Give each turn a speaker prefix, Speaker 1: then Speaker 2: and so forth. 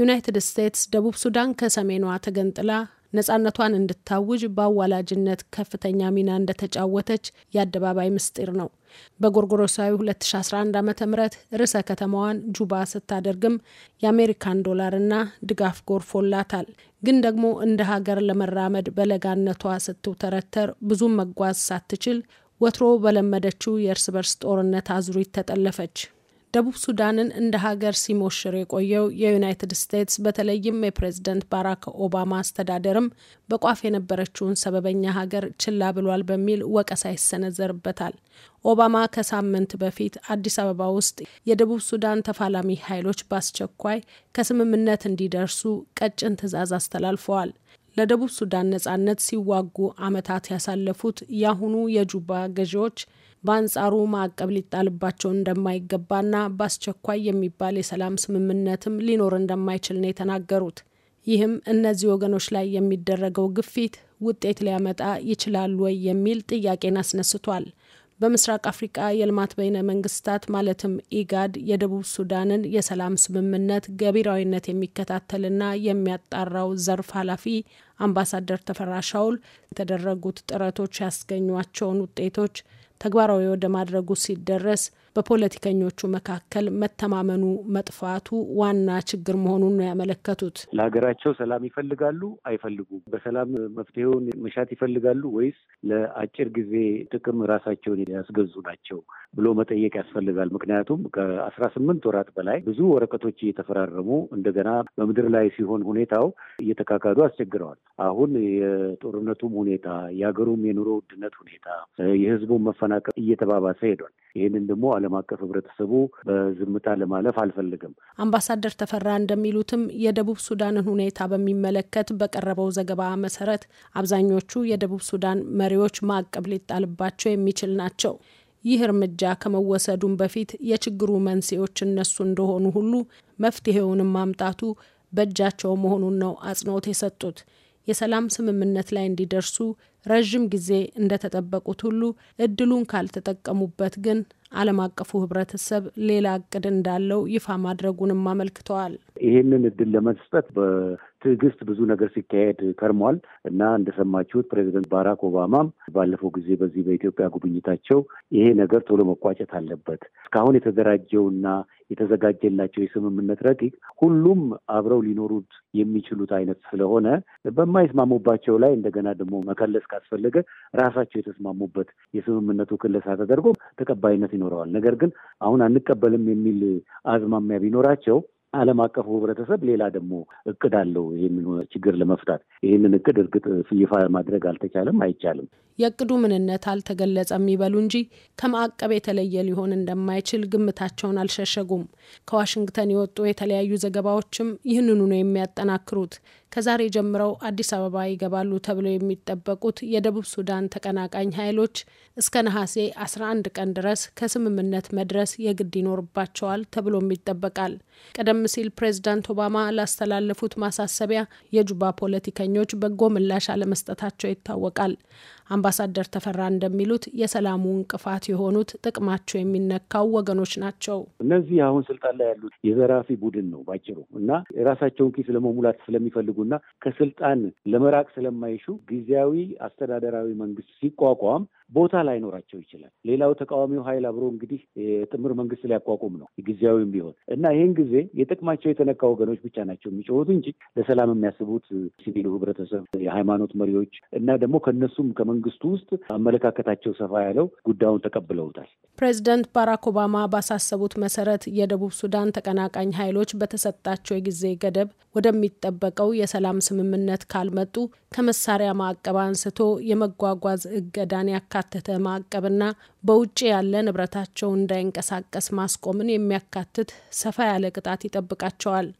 Speaker 1: ዩናይትድ ስቴትስ ደቡብ ሱዳን ከሰሜኗ ተገንጥላ ነጻነቷን እንድታውጅ በአዋላጅነት ከፍተኛ ሚና እንደተጫወተች የአደባባይ ምስጢር ነው። በጎርጎሮሳዊ 2011 ዓ ም ርዕሰ ከተማዋን ጁባ ስታደርግም የአሜሪካን ዶላርና ድጋፍ ጎርፎላታል። ግን ደግሞ እንደ ሀገር ለመራመድ በለጋነቷ ስትውተረተር ብዙም መጓዝ ሳትችል ወትሮ በለመደችው የእርስ በርስ ጦርነት አዙሪት ተጠለፈች። ደቡብ ሱዳንን እንደ ሀገር ሲሞሽር የቆየው የዩናይትድ ስቴትስ በተለይም የፕሬዝደንት ባራክ ኦባማ አስተዳደርም በቋፍ የነበረችውን ሰበበኛ ሀገር ችላ ብሏል በሚል ወቀሳ ይሰነዘርበታል። ኦባማ ከሳምንት በፊት አዲስ አበባ ውስጥ የደቡብ ሱዳን ተፋላሚ ኃይሎች በአስቸኳይ ከስምምነት እንዲደርሱ ቀጭን ትዕዛዝ አስተላልፈዋል። ለደቡብ ሱዳን ነጻነት ሲዋጉ ዓመታት ያሳለፉት የአሁኑ የጁባ ገዢዎች በአንጻሩ ማዕቀብ ሊጣልባቸው እንደማይገባና በአስቸኳይ የሚባል የሰላም ስምምነትም ሊኖር እንደማይችል ነው የተናገሩት። ይህም እነዚህ ወገኖች ላይ የሚደረገው ግፊት ውጤት ሊያመጣ ይችላል ወይ የሚል ጥያቄን አስነስቷል። በምስራቅ አፍሪቃ የልማት በይነ መንግስታት ማለትም ኢጋድ የደቡብ ሱዳንን የሰላም ስምምነት ገቢራዊነት የሚከታተልና የሚያጣራው ዘርፍ ኃላፊ አምባሳደር ተፈራ ሻውል የተደረጉት ጥረቶች ያስገኟቸውን ውጤቶች ተግባራዊ ወደ ማድረጉ ሲደረስ በፖለቲከኞቹ መካከል መተማመኑ መጥፋቱ ዋና ችግር መሆኑን ነው ያመለከቱት።
Speaker 2: ለሀገራቸው ሰላም ይፈልጋሉ አይፈልጉም? በሰላም መፍትሄውን መሻት ይፈልጋሉ ወይስ ለአጭር ጊዜ ጥቅም ራሳቸውን ያስገዙ ናቸው? ብሎ መጠየቅ ያስፈልጋል። ምክንያቱም ከአስራ ስምንት ወራት በላይ ብዙ ወረቀቶች እየተፈራረሙ እንደገና በምድር ላይ ሲሆን ሁኔታው እየተካካዱ አስቸግረዋል። አሁን የጦርነቱም ሁኔታ የሀገሩም የኑሮ ውድነት ሁኔታ የህዝቡን መፈናቀል እየተባባሰ ሄዷል። ይህንን ደግሞ ዓለም አቀፍ ህብረተሰቡ በዝምታ ለማለፍ አልፈልግም።
Speaker 1: አምባሳደር ተፈራ እንደሚሉትም የደቡብ ሱዳንን ሁኔታ በሚመለከት በቀረበው ዘገባ መሰረት አብዛኞቹ የደቡብ ሱዳን መሪዎች ማዕቀብ ሊጣልባቸው የሚችል ናቸው። ይህ እርምጃ ከመወሰዱም በፊት የችግሩ መንስኤዎች እነሱ እንደሆኑ ሁሉ መፍትሄውንም ማምጣቱ በእጃቸው መሆኑን ነው አጽንኦት የሰጡት። የሰላም ስምምነት ላይ እንዲደርሱ ረዥም ጊዜ እንደተጠበቁት ሁሉ እድሉን ካልተጠቀሙበት ግን ዓለም አቀፉ ህብረተሰብ ሌላ እቅድ እንዳለው ይፋ ማድረጉንም አመልክተዋል።
Speaker 2: ይህንን እድል ለመስጠት በትዕግስት ብዙ ነገር ሲካሄድ ከርሟል እና እንደሰማችሁት ፕሬዚደንት ባራክ ኦባማም ባለፈው ጊዜ በዚህ በኢትዮጵያ ጉብኝታቸው ይሄ ነገር ቶሎ መቋጨት አለበት እስካሁን የተደራጀውና የተዘጋጀላቸው የስምምነት ረቂቅ ሁሉም አብረው ሊኖሩት የሚችሉት አይነት ስለሆነ በማይስማሙባቸው ላይ እንደገና ደግሞ መከለስ ካስፈለገ ራሳቸው የተስማሙበት የስምምነቱ ክለሳ ተደርጎ ተቀባይነት ይኖረዋል። ነገር ግን አሁን አንቀበልም የሚል አዝማሚያ ቢኖራቸው ዓለም አቀፉ ህብረተሰብ ሌላ ደግሞ እቅድ አለው ይህንን ችግር ለመፍታት። ይህንን እቅድ እርግጥ ይፋ ማድረግ አልተቻለም፣ አይቻልም።
Speaker 1: የእቅዱ ምንነት አልተገለጸም ይበሉ እንጂ ከማዕቀብ የተለየ ሊሆን እንደማይችል ግምታቸውን አልሸሸጉም። ከዋሽንግተን የወጡ የተለያዩ ዘገባዎችም ይህንኑ ነው የሚያጠናክሩት። ከዛሬ ጀምረው አዲስ አበባ ይገባሉ ተብለው የሚጠበቁት የደቡብ ሱዳን ተቀናቃኝ ኃይሎች እስከ ነሐሴ 11 ቀን ድረስ ከስምምነት መድረስ የግድ ይኖርባቸዋል ተብሎም ይጠበቃል። ቀደም ሲል ፕሬዚዳንት ኦባማ ላስተላለፉት ማሳሰቢያ የጁባ ፖለቲከኞች በጎ ምላሽ አለመስጠታቸው ይታወቃል። አምባሳደር ተፈራ እንደሚሉት የሰላሙ እንቅፋት የሆኑት ጥቅማቸው የሚነካው ወገኖች ናቸው። እነዚህ አሁን ስልጣን ላይ
Speaker 2: ያሉት የዘራፊ ቡድን ነው ባጭሩ እና የራሳቸውን ኪስ ለመሙላት ስለሚፈልጉ ስለሚፈልጉና ከስልጣን ለመራቅ ስለማይሹ ጊዜያዊ አስተዳደራዊ መንግስት ሲቋቋም ቦታ ላይኖራቸው ይችላል። ሌላው ተቃዋሚው ኃይል አብሮ እንግዲህ የጥምር መንግስት ሊያቋቁም ነው ጊዜያዊም ቢሆን እና ይህን ጊዜ የጥቅማቸው የተነካ ወገኖች ብቻ ናቸው የሚጮሁት እንጂ ለሰላም የሚያስቡት ሲቪሉ ህብረተሰብ፣ የሃይማኖት መሪዎች እና ደግሞ ከነሱም ከመንግስቱ ውስጥ አመለካከታቸው ሰፋ ያለው ጉዳዩን ተቀብለውታል።
Speaker 1: ፕሬዚደንት ባራክ ኦባማ ባሳሰቡት መሰረት የደቡብ ሱዳን ተቀናቃኝ ኃይሎች በተሰጣቸው የጊዜ ገደብ ወደሚጠበቀው የሰላም ስምምነት ካልመጡ ከመሳሪያ ማዕቀብ አንስቶ የመጓጓዝ እገዳን ያካተተ ማዕቀብና በውጭ ያለ ንብረታቸው እንዳይንቀሳቀስ ማስቆምን የሚያካትት ሰፋ ያለ ቅጣት ይጠብቃቸዋል።